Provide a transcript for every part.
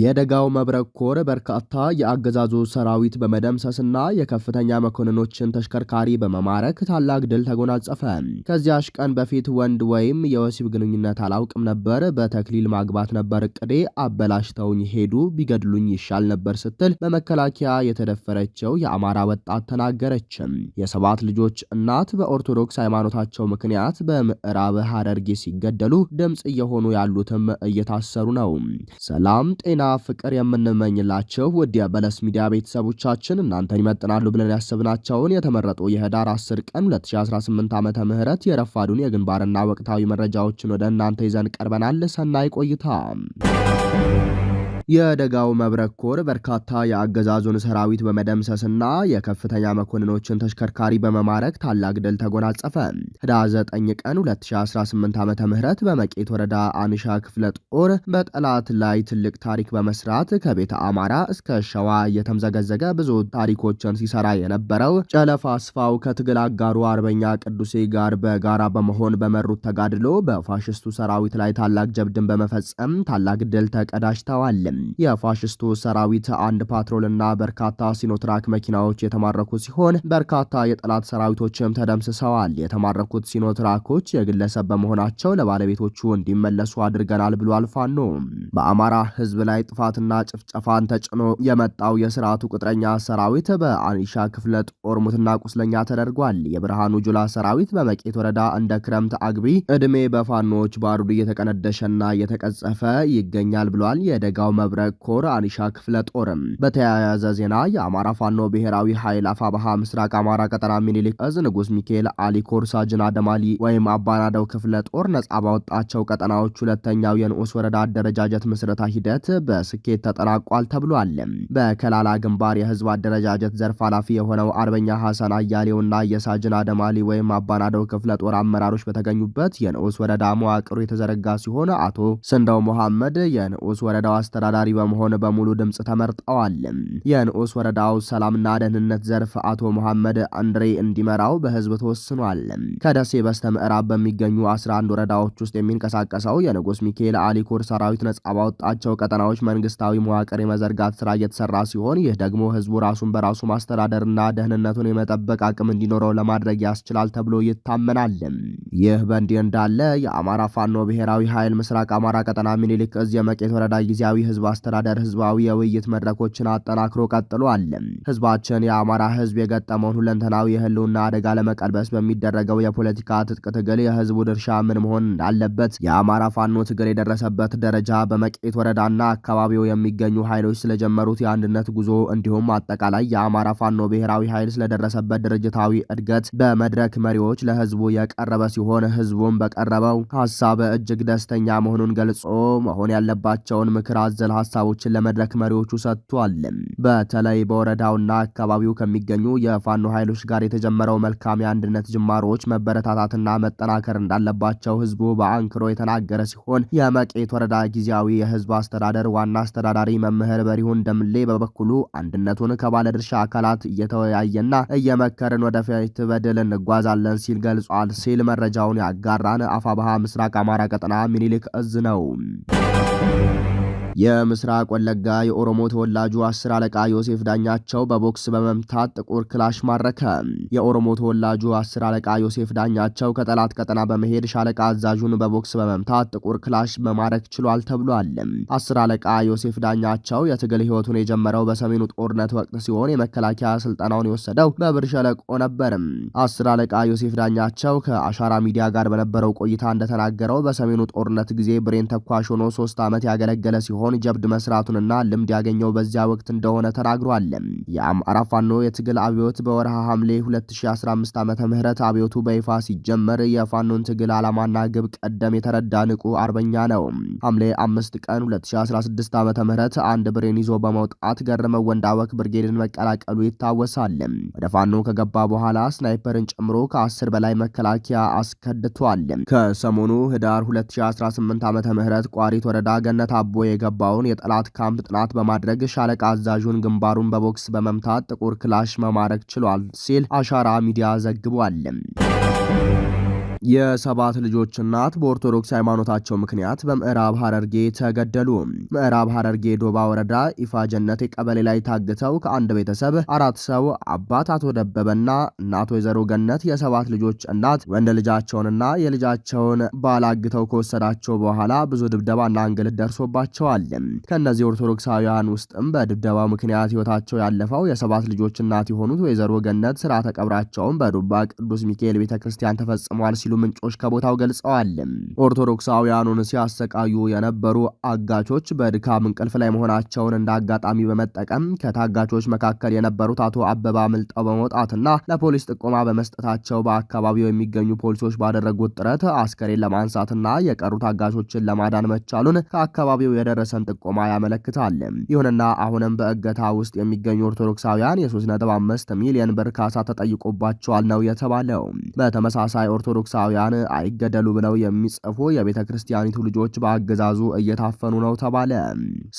የደጋው መብረቅ ኮር በርካታ የአገዛዙ ሰራዊት በመደምሰስና የከፍተኛ መኮንኖችን ተሽከርካሪ በመማረክ ታላቅ ድል ተጎናጸፈ። ከዚያሽ ቀን በፊት ወንድ ወይም የወሲብ ግንኙነት አላውቅም ነበር፣ በተክሊል ማግባት ነበር እቅዴ፣ አበላሽተውኝ ሄዱ፣ ቢገድሉኝ ይሻል ነበር ስትል በመከላከያ የተደፈረችው የአማራ ወጣት ተናገረች። የሰባት ልጆች እናት በኦርቶዶክስ ሃይማኖታቸው ምክንያት በምዕራብ ሐረርጌ ሲገደሉ ድምፅ እየሆኑ ያሉትም እየታሰሩ ነው። ሰላም ጤና ፍቅር የምንመኝላቸው ውድ የበለስ ሚዲያ ቤተሰቦቻችን እናንተን ይመጥናሉ ብለን ያስብናቸውን የተመረጡ የህዳር 10 ቀን 2018 ዓ ም የረፋዱን የግንባርና ወቅታዊ መረጃዎችን ወደ እናንተ ይዘን ቀርበናል። ሰናይ ቆይታ የደጋው መብረቅ ኮር በርካታ የአገዛዙን ሰራዊት በመደምሰስና የከፍተኛ መኮንኖችን ተሽከርካሪ በመማረክ ታላቅ ድል ተጎናጸፈ። ህዳር 9 ቀን 2018 ዓ ም በመቄት ወረዳ አንሻ ክፍለ ጦር በጠላት ላይ ትልቅ ታሪክ በመስራት ከቤተ አማራ እስከ ሸዋ እየተምዘገዘገ ብዙ ታሪኮችን ሲሰራ የነበረው ጨለፋ አስፋው ከትግል አጋሩ አርበኛ ቅዱሴ ጋር በጋራ በመሆን በመሩት ተጋድሎ በፋሽስቱ ሰራዊት ላይ ታላቅ ጀብድን በመፈጸም ታላቅ ድል ተቀዳጅተዋል። የፋሽስቱ ሰራዊት አንድ ፓትሮልና በርካታ ሲኖትራክ መኪናዎች የተማረኩ ሲሆን በርካታ የጠላት ሰራዊቶችም ተደምስሰዋል። የተማረኩት ሲኖትራኮች የግለሰብ በመሆናቸው ለባለቤቶቹ እንዲመለሱ አድርገናል ብሏል ፋኖ። በአማራ ህዝብ ላይ ጥፋትና ጭፍጨፋን ተጭኖ የመጣው የስርዓቱ ቅጥረኛ ሰራዊት በአኒሻ ክፍለ ጦር ሙትና ቁስለኛ ተደርጓል። የብርሃኑ ጁላ ሰራዊት በመቄት ወረዳ እንደ ክረምት አግቢ እድሜ በፋኖዎች ባሩድ እየተቀነደሸና እየተቀጸፈ ይገኛል ብሏል። የደጋው ህብረ ኮር አሊሻ ክፍለ ጦርም። በተያያዘ ዜና የአማራ ፋኖ ብሔራዊ ኃይል አፋባሃ ምስራቅ አማራ ቀጠና ሚኒሊክ እዝ ንጉስ ሚካኤል አሊ ኮር ሳጅን አደማሊ ወይም አባናደው ክፍለ ጦር ነጻ ባወጣቸው ቀጠናዎች ሁለተኛው የንዑስ ወረዳ አደረጃጀት ምስረታ ሂደት በስኬት ተጠናቋል ተብሏል። በከላላ ግንባር የህዝብ አደረጃጀት ዘርፍ ኃላፊ የሆነው አርበኛ ሐሰን አያሌውና የሳጅን አደማሊ ወይም አባናደው ክፍለ ጦር አመራሮች በተገኙበት የንዑስ ወረዳ መዋቅሩ የተዘረጋ ሲሆን አቶ ስንደው መሐመድ የንዑስ ወረዳው አስተዳዳ አብራሪ በመሆን በሙሉ ድምፅ ተመርጠዋል። የንዑስ ወረዳው ሰላምና ደህንነት ዘርፍ አቶ መሐመድ አንድሬ እንዲመራው በህዝብ ተወስኗል። ከደሴ በስተ ምዕራብ በሚገኙ 11 ወረዳዎች ውስጥ የሚንቀሳቀሰው የንጉስ ሚካኤል አሊኮር ሰራዊት ነጻ ባወጣቸው ቀጠናዎች መንግስታዊ መዋቅር የመዘርጋት ስራ እየተሰራ ሲሆን ይህ ደግሞ ህዝቡ ራሱን በራሱ ማስተዳደርና ደህንነቱን የመጠበቅ አቅም እንዲኖረው ለማድረግ ያስችላል ተብሎ ይታመናል። ይህ በእንዲህ እንዳለ የአማራ ፋኖ ብሔራዊ ኃይል ምስራቅ አማራ ቀጠና ሚኒሊክ እዝ የመቄት ወረዳ ጊዜያዊ ህዝብ አስተዳደር ህዝባዊ የውይይት መድረኮችን አጠናክሮ ቀጥሏል። ህዝባችን የአማራ ህዝብ የገጠመውን ሁለንተናዊ የህልውና አደጋ ለመቀልበስ በሚደረገው የፖለቲካ ትጥቅ ትግል የህዝቡ ድርሻ ምን መሆን እንዳለበት የአማራ ፋኖ ትግል የደረሰበት ደረጃ፣ በመቄት ወረዳና አካባቢው የሚገኙ ኃይሎች ስለጀመሩት የአንድነት ጉዞ እንዲሁም አጠቃላይ የአማራ ፋኖ ብሔራዊ ኃይል ስለደረሰበት ድርጅታዊ እድገት በመድረክ መሪዎች ለህዝቡ የቀረበ ሲሆን ህዝቡም በቀረበው ሀሳብ እጅግ ደስተኛ መሆኑን ገልጾ መሆን ያለባቸውን ምክር አዘ መሰል ሀሳቦችን ለመድረክ መሪዎቹ ሰጥቷል። በተለይ በወረዳውና አካባቢው ከሚገኙ የፋኖ ኃይሎች ጋር የተጀመረው መልካም የአንድነት ጅማሮዎች መበረታታትና መጠናከር እንዳለባቸው ህዝቡ በአንክሮ የተናገረ ሲሆን የመቄት ወረዳ ጊዜያዊ የህዝብ አስተዳደር ዋና አስተዳዳሪ መምህር በሪሁን ደምሌ በበኩሉ አንድነቱን ከባለድርሻ አካላት እየተወያየና እየመከርን ወደፊት በድል እንጓዛለን ሲል ገልጿል ሲል መረጃውን ያጋራን አፋባሃ ምስራቅ አማራ ቀጠና ሚኒሊክ እዝ ነው። የምስራቅ ወለጋ የኦሮሞ ተወላጁ አስር አለቃ ዮሴፍ ዳኛቸው በቦክስ በመምታት ጥቁር ክላሽ ማረከ። የኦሮሞ ተወላጁ አስር አለቃ ዮሴፍ ዳኛቸው ከጠላት ቀጠና በመሄድ ሻለቃ አዛዡን በቦክስ በመምታት ጥቁር ክላሽ መማረክ ችሏል ተብሏል። አስር አለቃ ዮሴፍ ዳኛቸው የትግል ህይወቱን የጀመረው በሰሜኑ ጦርነት ወቅት ሲሆን የመከላከያ ስልጠናውን የወሰደው በብር ሸለቆ ነበርም። አስር አለቃ ዮሴፍ ዳኛቸው ከአሻራ ሚዲያ ጋር በነበረው ቆይታ እንደተናገረው በሰሜኑ ጦርነት ጊዜ ብሬን ተኳሽ ሆኖ ሶስት ዓመት ያገለገለ ሲሆን ሲሆን ጀብድ መስራቱንና ልምድ ያገኘው በዚያ ወቅት እንደሆነ ተናግሯል። የአማራ ፋኖ የትግል አብዮት በወርሃ ሐምሌ 2015 ዓ ም አብዮቱ በይፋ ሲጀመር የፋኖን ትግል ዓላማና ግብ ቀደም የተረዳ ንቁ አርበኛ ነው። ሐምሌ 5 ቀን 2016 ዓ ም አንድ ብሬን ይዞ በመውጣት ገረመው ወንዳወክ ብርጌድን መቀላቀሉ ይታወሳል። ወደ ፋኖ ከገባ በኋላ ስናይፐርን ጨምሮ ከ10 በላይ መከላከያ አስከድቷል። ከሰሞኑ ህዳር 2018 ዓ ም ቋሪት ወረዳ ገነት አቦ የገ የገባውን የጠላት ካምፕ ጥናት በማድረግ ሻለቃ አዛዡን ግንባሩን በቦክስ በመምታት ጥቁር ክላሽ መማረክ ችሏል ሲል አሻራ ሚዲያ ዘግቧል። የሰባት ልጆች እናት በኦርቶዶክስ ሃይማኖታቸው ምክንያት በምዕራብ ሀረርጌ ተገደሉ። ምዕራብ ሀረርጌ ዶባ ወረዳ ይፋ ጀነት ቀበሌ ላይ ታግተው ከአንድ ቤተሰብ አራት ሰው አባት አቶ ደበበና እናት ወይዘሮ ገነት የሰባት ልጆች እናት ወንድ ልጃቸውንና የልጃቸውን ባል አግተው ከወሰዳቸው በኋላ ብዙ ድብደባና እንግልት ደርሶባቸዋል። ከእነዚህ ኦርቶዶክሳውያን ውስጥም በድብደባው ምክንያት ህይወታቸው ያለፈው የሰባት ልጆች እናት የሆኑት ወይዘሮ ገነት ስርዓተ ቀብራቸውን በዱባ ቅዱስ ሚካኤል ቤተ ክርስቲያን ተፈጽሟል ሲሉ ምንጮች ከቦታው ገልጸዋል። ኦርቶዶክሳውያኑን ሲያሰቃዩ የነበሩ አጋቾች በድካም እንቅልፍ ላይ መሆናቸውን እንደ አጋጣሚ በመጠቀም ከታጋቾች መካከል የነበሩት አቶ አበባ ምልጠው በመውጣትና ለፖሊስ ጥቆማ በመስጠታቸው በአካባቢው የሚገኙ ፖሊሶች ባደረጉት ጥረት አስከሬን ለማንሳትና የቀሩት አጋቾችን ለማዳን መቻሉን ከአካባቢው የደረሰን ጥቆማ ያመለክታል። ይሁንና አሁንም በእገታ ውስጥ የሚገኙ ኦርቶዶክሳውያን የ3.5 ሚሊዮን ብር ካሳ ተጠይቆባቸዋል ነው የተባለው። በተመሳሳይ ኦርቶዶክስ ኦርቶዶክሳውያን አይገደሉ ብለው የሚጽፉ የቤተ ክርስቲያኒቱ ልጆች በአገዛዙ እየታፈኑ ነው ተባለ።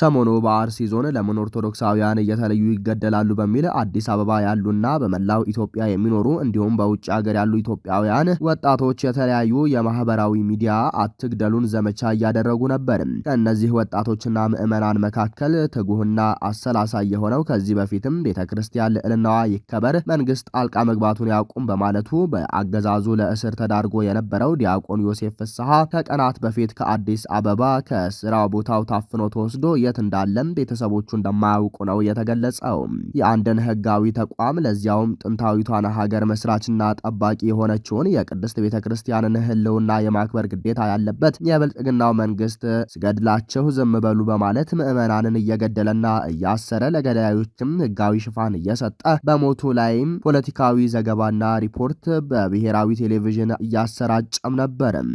ሰሞኑ በአርሲ ዞን ለምን ኦርቶዶክሳውያን እየተለዩ ይገደላሉ በሚል አዲስ አበባ ያሉና በመላው ኢትዮጵያ የሚኖሩ እንዲሁም በውጭ ሀገር ያሉ ኢትዮጵያውያን ወጣቶች የተለያዩ የማህበራዊ ሚዲያ አትግደሉን ዘመቻ እያደረጉ ነበር። ከእነዚህ ወጣቶችና ምዕመናን መካከል ትጉህና አሰላሳይ የሆነው ከዚህ በፊትም ቤተ ክርስቲያን ልዕልናዋ ይከበር፣ መንግስት ጣልቃ መግባቱን ያቁም በማለቱ በአገዛዙ ለእስር ተዳርጎ አድርጎ የነበረው ዲያቆን ዮሴፍ ፍስሐ ከቀናት በፊት ከአዲስ አበባ ከስራ ቦታው ታፍኖ ተወስዶ የት እንዳለም ቤተሰቦቹ እንደማያውቁ ነው የተገለጸው። የአንድን ህጋዊ ተቋም ለዚያውም ጥንታዊቷን ሀገር መስራችና ጠባቂ የሆነችውን የቅድስት ቤተ ክርስቲያንን ህልውና የማክበር ግዴታ ያለበት የብልጽግናው መንግስት ስገድላቸው ዝም በሉ በማለት ምዕመናንን እየገደለና እያሰረ ለገዳዮችም ህጋዊ ሽፋን እየሰጠ በሞቱ ላይም ፖለቲካዊ ዘገባና ሪፖርት በብሔራዊ ቴሌቪዥን እያ እያሰራጨም ነበርም።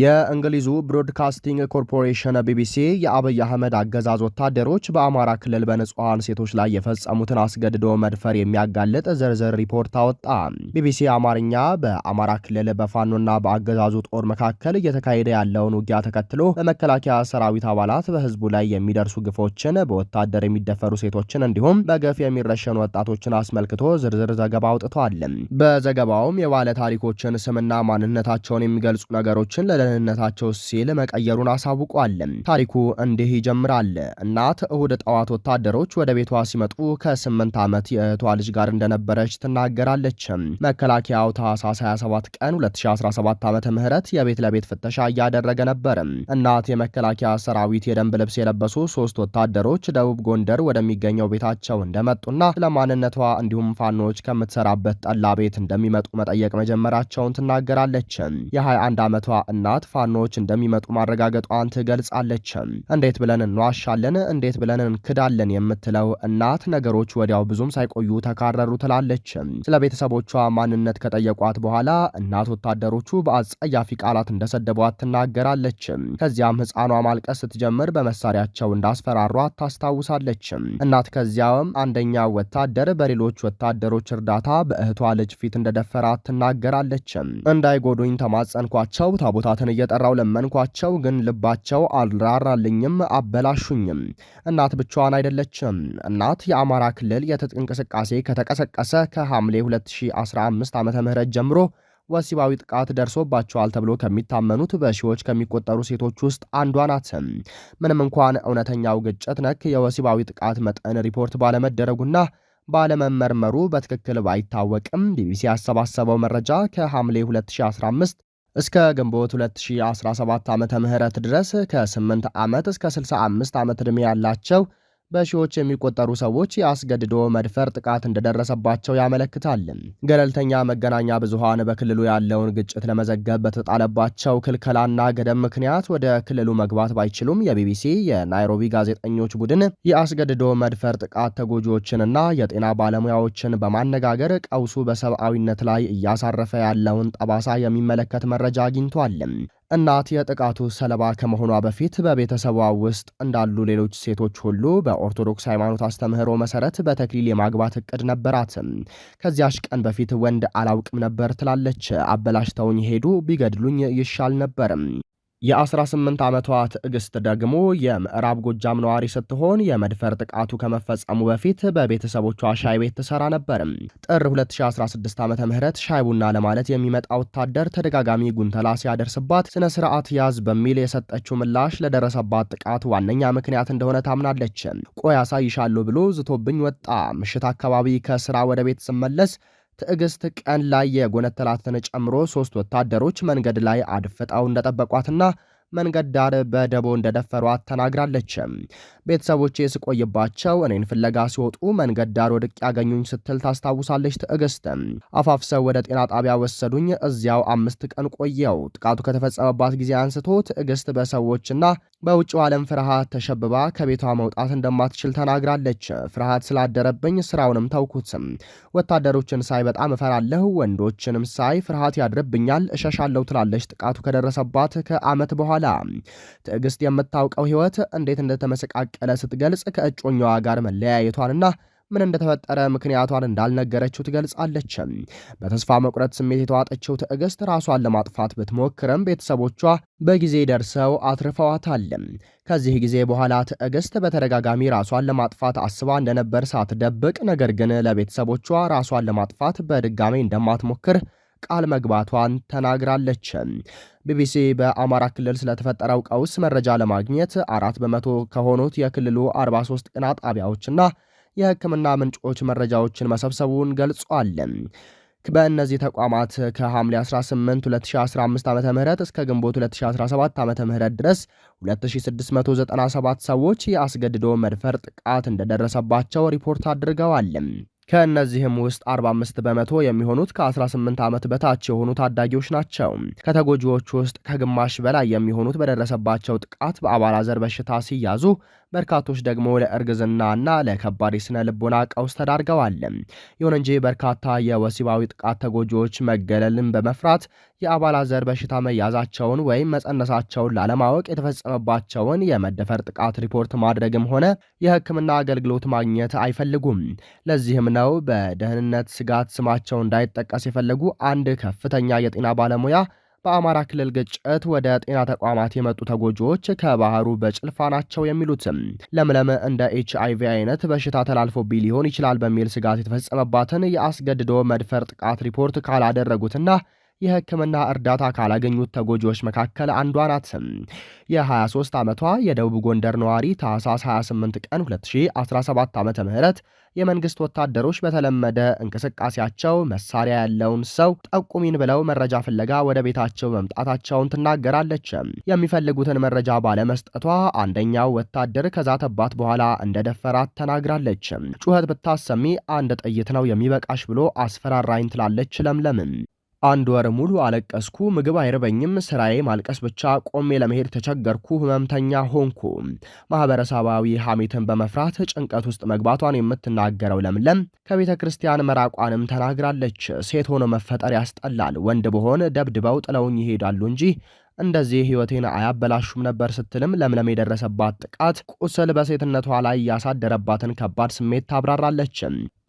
የእንግሊዙ ብሮድካስቲንግ ኮርፖሬሽን ቢቢሲ የአብይ አህመድ አገዛዝ ወታደሮች በአማራ ክልል በንጹሐን ሴቶች ላይ የፈጸሙትን አስገድዶ መድፈር የሚያጋልጥ ዝርዝር ሪፖርት አወጣ። ቢቢሲ አማርኛ በአማራ ክልል በፋኖና በአገዛዙ ጦር መካከል እየተካሄደ ያለውን ውጊያ ተከትሎ በመከላከያ ሰራዊት አባላት በህዝቡ ላይ የሚደርሱ ግፎችን፣ በወታደር የሚደፈሩ ሴቶችን እንዲሁም በገፍ የሚረሸኑ ወጣቶችን አስመልክቶ ዝርዝር ዘገባ አውጥቷል። በዘገባውም የባለ ታሪኮችን ስምና ማንነታቸውን የሚገልጹ ነገሮችን ለደህንነታቸው ሲል መቀየሩን አሳውቋል። ታሪኩ እንዲህ ይጀምራል። እናት እሁድ ጠዋት ወታደሮች ወደ ቤቷ ሲመጡ ከስምንት ዓመት የእህቷ ልጅ ጋር እንደነበረች ትናገራለች። መከላከያው ታህሳስ 27 ቀን 2017 ዓ ም የቤት ለቤት ፍተሻ እያደረገ ነበር። እናት የመከላከያ ሰራዊት የደንብ ልብስ የለበሱ ሶስት ወታደሮች ደቡብ ጎንደር ወደሚገኘው ቤታቸው እንደመጡና ለማንነቷ እንዲሁም ፋኖች ከምትሰራበት ጠላ ቤት እንደሚመጡ መጠየቅ መጀመራቸውን ትናገራለች። የ21 ዓመቷ እና ያላት ፋኖች እንደሚመጡ ማረጋገጧን ትገልጻለች። እንዴት ብለን እንዋሻለን? እንዴት ብለን እንክዳለን? የምትለው እናት ነገሮች ወዲያው ብዙም ሳይቆዩ ተካረሩ ትላለች። ስለ ቤተሰቦቿ ማንነት ከጠየቋት በኋላ እናት ወታደሮቹ በአጸያፊ ቃላት እንደሰደቧት ትናገራለች። ከዚያም ህፃኗ ማልቀስ ስትጀምር በመሳሪያቸው እንዳስፈራሯት ታስታውሳለች። እናት ከዚያም አንደኛ ወታደር በሌሎች ወታደሮች እርዳታ በእህቷ ልጅ ፊት እንደደፈራት ትናገራለች። እንዳይጎዱኝ ተማጸንኳቸው ታቦታ እናትን እየጠራው ለመንኳቸው፣ ግን ልባቸው አልራራልኝም፣ አበላሹኝም። እናት ብቻዋን አይደለችም። እናት የአማራ ክልል የትጥቅ እንቅስቃሴ ከተቀሰቀሰ ከሐምሌ 2015 ዓ ም ጀምሮ ወሲባዊ ጥቃት ደርሶባቸዋል ተብሎ ከሚታመኑት በሺዎች ከሚቆጠሩ ሴቶች ውስጥ አንዷ ናት። ምንም እንኳን እውነተኛው ግጭት ነክ የወሲባዊ ጥቃት መጠን ሪፖርት ባለመደረጉና ባለመመርመሩ በትክክል ባይታወቅም ቢቢሲ ያሰባሰበው መረጃ ከሐምሌ 2015 እስከ ግንቦት 2017 ዓ ም ድረስ ከ8 ዓመት እስከ 65 ዓመት ዕድሜ ያላቸው በሺዎች የሚቆጠሩ ሰዎች የአስገድዶ መድፈር ጥቃት እንደደረሰባቸው ያመለክታል። ገለልተኛ መገናኛ ብዙሃን በክልሉ ያለውን ግጭት ለመዘገብ በተጣለባቸው ክልከላና ገደብ ምክንያት ወደ ክልሉ መግባት ባይችሉም የቢቢሲ የናይሮቢ ጋዜጠኞች ቡድን የአስገድዶ መድፈር ጥቃት ተጎጂዎችንና የጤና ባለሙያዎችን በማነጋገር ቀውሱ በሰብአዊነት ላይ እያሳረፈ ያለውን ጠባሳ የሚመለከት መረጃ አግኝቷል። እናት የጥቃቱ ሰለባ ከመሆኗ በፊት በቤተሰቧ ውስጥ እንዳሉ ሌሎች ሴቶች ሁሉ በኦርቶዶክስ ሃይማኖት አስተምህሮ መሰረት በተክሊል የማግባት እቅድ ነበራት። ከዚያች ቀን በፊት ወንድ አላውቅም ነበር ትላለች። አበላሽተውኝ ሄዱ፣ ቢገድሉኝ ይሻል ነበር። የ18 ዓመቷ ትዕግስት ደግሞ የምዕራብ ጎጃም ነዋሪ ስትሆን የመድፈር ጥቃቱ ከመፈጸሙ በፊት በቤተሰቦቿ ሻይ ቤት ትሰራ ነበርም። ጥር 2016 ዓ ም ሻይ ቡና ለማለት የሚመጣ ወታደር ተደጋጋሚ ጉንተላ ሲያደርስባት ስነ ስርዓት ያዝ በሚል የሰጠችው ምላሽ ለደረሰባት ጥቃት ዋነኛ ምክንያት እንደሆነ ታምናለች። ቆይ አሳይሻለሁ ብሎ ዝቶብኝ ወጣ። ምሽት አካባቢ ከስራ ወደ ቤት ስመለስ ትዕግስት ቀን ላይ የጎነተላትን ጨምሮ ሶስት ወታደሮች መንገድ ላይ አድፍጠው እንደጠበቋትና መንገድ ዳር በደቦ እንደደፈሯት ተናግራለች። ቤተሰቦቼ ስቆይባቸው እኔን ፍለጋ ሲወጡ መንገድ ዳር ወድቅ ያገኙኝ ስትል ታስታውሳለች ትዕግስት። አፋፍሰው ወደ ጤና ጣቢያ ወሰዱኝ። እዚያው አምስት ቀን ቆየው። ጥቃቱ ከተፈጸመባት ጊዜ አንስቶ ትዕግስት በሰዎችና በውጭው ዓለም ፍርሃት ተሸብባ ከቤቷ መውጣት እንደማትችል ተናግራለች። ፍርሃት ስላደረብኝ ስራውንም ተውኩት። ወታደሮችን ሳይ በጣም እፈራለሁ፣ ወንዶችንም ሳይ ፍርሃት ያድርብኛል፣ እሸሻለሁ ትላለች። ጥቃቱ ከደረሰባት ከዓመት በኋላ በኋላ ትዕግስት የምታውቀው ህይወት እንዴት እንደተመሰቃቀለ ስትገልጽ ከእጮኛዋ ጋር መለያየቷንና ምን እንደተፈጠረ ምክንያቷን እንዳልነገረችው ትገልጻለች። በተስፋ መቁረጥ ስሜት የተዋጠችው ትዕግስት ራሷን ለማጥፋት ብትሞክርም ቤተሰቦቿ በጊዜ ደርሰው አትርፈዋታል። ከዚህ ጊዜ በኋላ ትዕግስት በተደጋጋሚ ራሷን ለማጥፋት አስባ እንደነበር ሳትደብቅ፣ ነገር ግን ለቤተሰቦቿ ራሷን ለማጥፋት በድጋሜ እንደማትሞክር ቃል መግባቷን ተናግራለች። ቢቢሲ በአማራ ክልል ስለተፈጠረው ቀውስ መረጃ ለማግኘት አራት በመቶ ከሆኑት የክልሉ 43 ጤና ጣቢያዎችና የሕክምና ምንጮች መረጃዎችን መሰብሰቡን ገልጿል። በእነዚህ ተቋማት ከሐምሌ 18 2015 ዓ ም እስከ ግንቦት 2017 ዓ ም ድረስ 2697 ሰዎች የአስገድዶ መድፈር ጥቃት እንደደረሰባቸው ሪፖርት አድርገዋል። ከእነዚህም ውስጥ 45 በመቶ የሚሆኑት ከ18 ዓመት በታች የሆኑ ታዳጊዎች ናቸው። ከተጎጂዎች ውስጥ ከግማሽ በላይ የሚሆኑት በደረሰባቸው ጥቃት በአባላዘር በሽታ ሲያዙ በርካቶች ደግሞ ለእርግዝናና ለከባድ የስነ ልቦና ቀውስ ተዳርገዋል። ይሁን እንጂ በርካታ የወሲባዊ ጥቃት ተጎጂዎች መገለልን በመፍራት የአባላዘር በሽታ መያዛቸውን ወይም መጸነሳቸውን ላለማወቅ የተፈጸመባቸውን የመደፈር ጥቃት ሪፖርት ማድረግም ሆነ የሕክምና አገልግሎት ማግኘት አይፈልጉም። ለዚህም ነው በደህንነት ስጋት ስማቸው እንዳይጠቀስ የፈለጉ አንድ ከፍተኛ የጤና ባለሙያ በአማራ ክልል ግጭት ወደ ጤና ተቋማት የመጡ ተጎጂዎች ከባህሩ በጭልፋ ናቸው የሚሉትም ለምለም እንደ ኤች አይቪ አይነት በሽታ ተላልፎብኝ ሊሆን ይችላል በሚል ስጋት የተፈጸመባትን የአስገድዶ መድፈር ጥቃት ሪፖርት ካላደረጉትና የህክምና እርዳታ ካላገኙት ተጎጂዎች መካከል አንዷ ናት። የ23 ዓመቷ የደቡብ ጎንደር ነዋሪ ታህሳስ 28 ቀን 2017 ዓ ም የመንግስት ወታደሮች በተለመደ እንቅስቃሴያቸው መሳሪያ ያለውን ሰው ጠቁሚን ብለው መረጃ ፍለጋ ወደ ቤታቸው መምጣታቸውን ትናገራለች። የሚፈልጉትን መረጃ ባለመስጠቷ አንደኛው ወታደር ከዛተባት በኋላ እንደደፈራት ተናግራለች። ጩኸት ብታሰሚ አንድ ጥይት ነው የሚበቃሽ ብሎ አስፈራራኝ ትላለች ለምለምም አንድ ወር ሙሉ አለቀስኩ። ምግብ አይርበኝም። ስራዬ ማልቀስ ብቻ። ቆሜ ለመሄድ ተቸገርኩ። ህመምተኛ ሆንኩ። ማህበረሰባዊ ሐሜትን በመፍራት ጭንቀት ውስጥ መግባቷን የምትናገረው ለምለም ከቤተ ክርስቲያን መራቋንም ተናግራለች። ሴት ሆኖ መፈጠር ያስጠላል። ወንድ በሆን ደብድበው ጥለውኝ ይሄዳሉ እንጂ እንደዚህ ህይወቴን አያበላሹም ነበር ስትልም ለምለም የደረሰባት ጥቃት ቁስል በሴትነቷ ላይ ያሳደረባትን ከባድ ስሜት ታብራራለች።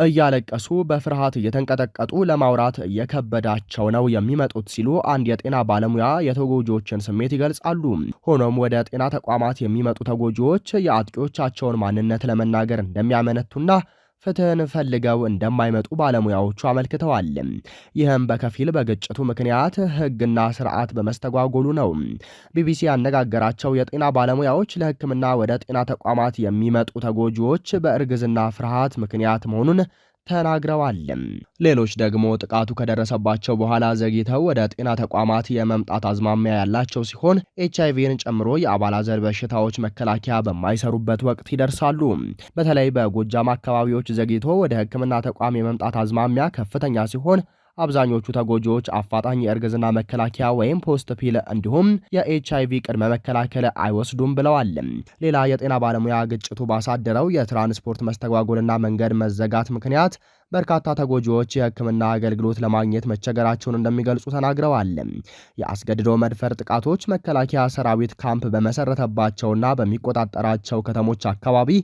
እያለቀሱ በፍርሃት እየተንቀጠቀጡ ለማውራት እየከበዳቸው ነው የሚመጡት ሲሉ አንድ የጤና ባለሙያ የተጎጂዎችን ስሜት ይገልጻሉ። ሆኖም ወደ ጤና ተቋማት የሚመጡ ተጎጂዎች የአጥቂዎቻቸውን ማንነት ለመናገር እንደሚያመነቱና ፍትህን ፈልገው እንደማይመጡ ባለሙያዎቹ አመልክተዋል። ይህም በከፊል በግጭቱ ምክንያት ህግና ስርዓት በመስተጓጎሉ ነው። ቢቢሲ ያነጋገራቸው የጤና ባለሙያዎች ለህክምና ወደ ጤና ተቋማት የሚመጡ ተጎጂዎች በእርግዝና ፍርሃት ምክንያት መሆኑን ተናግረዋል። ሌሎች ደግሞ ጥቃቱ ከደረሰባቸው በኋላ ዘግይተው ወደ ጤና ተቋማት የመምጣት አዝማሚያ ያላቸው ሲሆን ኤች አይቪን ጨምሮ የአባላዘር በሽታዎች መከላከያ በማይሰሩበት ወቅት ይደርሳሉ። በተለይ በጎጃም አካባቢዎች ዘግይቶ ወደ ሕክምና ተቋም የመምጣት አዝማሚያ ከፍተኛ ሲሆን አብዛኞቹ ተጎጂዎች አፋጣኝ የእርግዝና መከላከያ ወይም ፖስት ፒል እንዲሁም የኤች አይቪ ቅድመ መከላከል አይወስዱም ብለዋል። ሌላ የጤና ባለሙያ ግጭቱ ባሳደረው የትራንስፖርት መስተጓጎልና መንገድ መዘጋት ምክንያት በርካታ ተጎጂዎች የሕክምና አገልግሎት ለማግኘት መቸገራቸውን እንደሚገልጹ ተናግረዋል። የአስገድዶ መድፈር ጥቃቶች መከላከያ ሰራዊት ካምፕ በመሰረተባቸውና በሚቆጣጠራቸው ከተሞች አካባቢ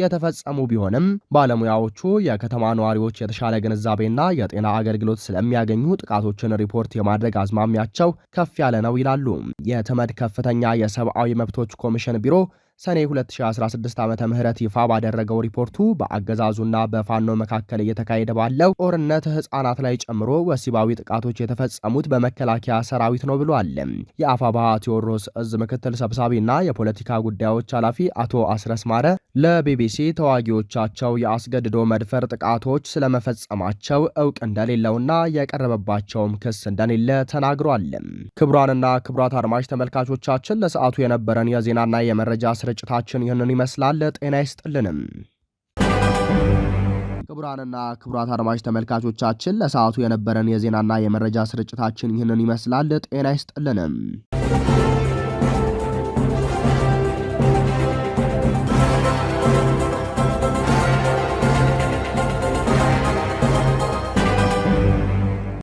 የተፈጸሙ ቢሆንም ባለሙያዎቹ የከተማ ነዋሪዎች የተሻለ ግንዛቤና የጤና አገልግሎት ስለሚያገኙ ጥቃቶችን ሪፖርት የማድረግ አዝማሚያቸው ከፍ ያለ ነው ይላሉ። የተመድ ከፍተኛ የሰብአዊ መብቶች ኮሚሽን ቢሮ ሰኔ 2016 ዓ ም ይፋ ባደረገው ሪፖርቱ በአገዛዙና በፋኖ መካከል እየተካሄደ ባለው ጦርነት ህጻናት ላይ ጨምሮ ወሲባዊ ጥቃቶች የተፈጸሙት በመከላከያ ሰራዊት ነው ብሏል። የአፋባ ቴዎድሮስ እዝ ምክትል ሰብሳቢና የፖለቲካ ጉዳዮች ኃላፊ አቶ አስረስ ማረ ለቢቢሲ ተዋጊዎቻቸው የአስገድዶ መድፈር ጥቃቶች ስለመፈጸማቸው እውቅ እንደሌለውና የቀረበባቸውም ክስ እንደሌለ ተናግሯል። ክቡራንና ክቡራት አድማጭ ተመልካቾቻችን ለሰዓቱ የነበረን የዜናና የመረጃ ስር ስርጭታችን ይህንን ይመስላል። ጤና ይስጥልንም። ክቡራንና ክቡራት አድማጭ ተመልካቾቻችን ለሰዓቱ የነበረን የዜናና የመረጃ ስርጭታችን ይህንን ይመስላል። ጤና ይስጥልንም።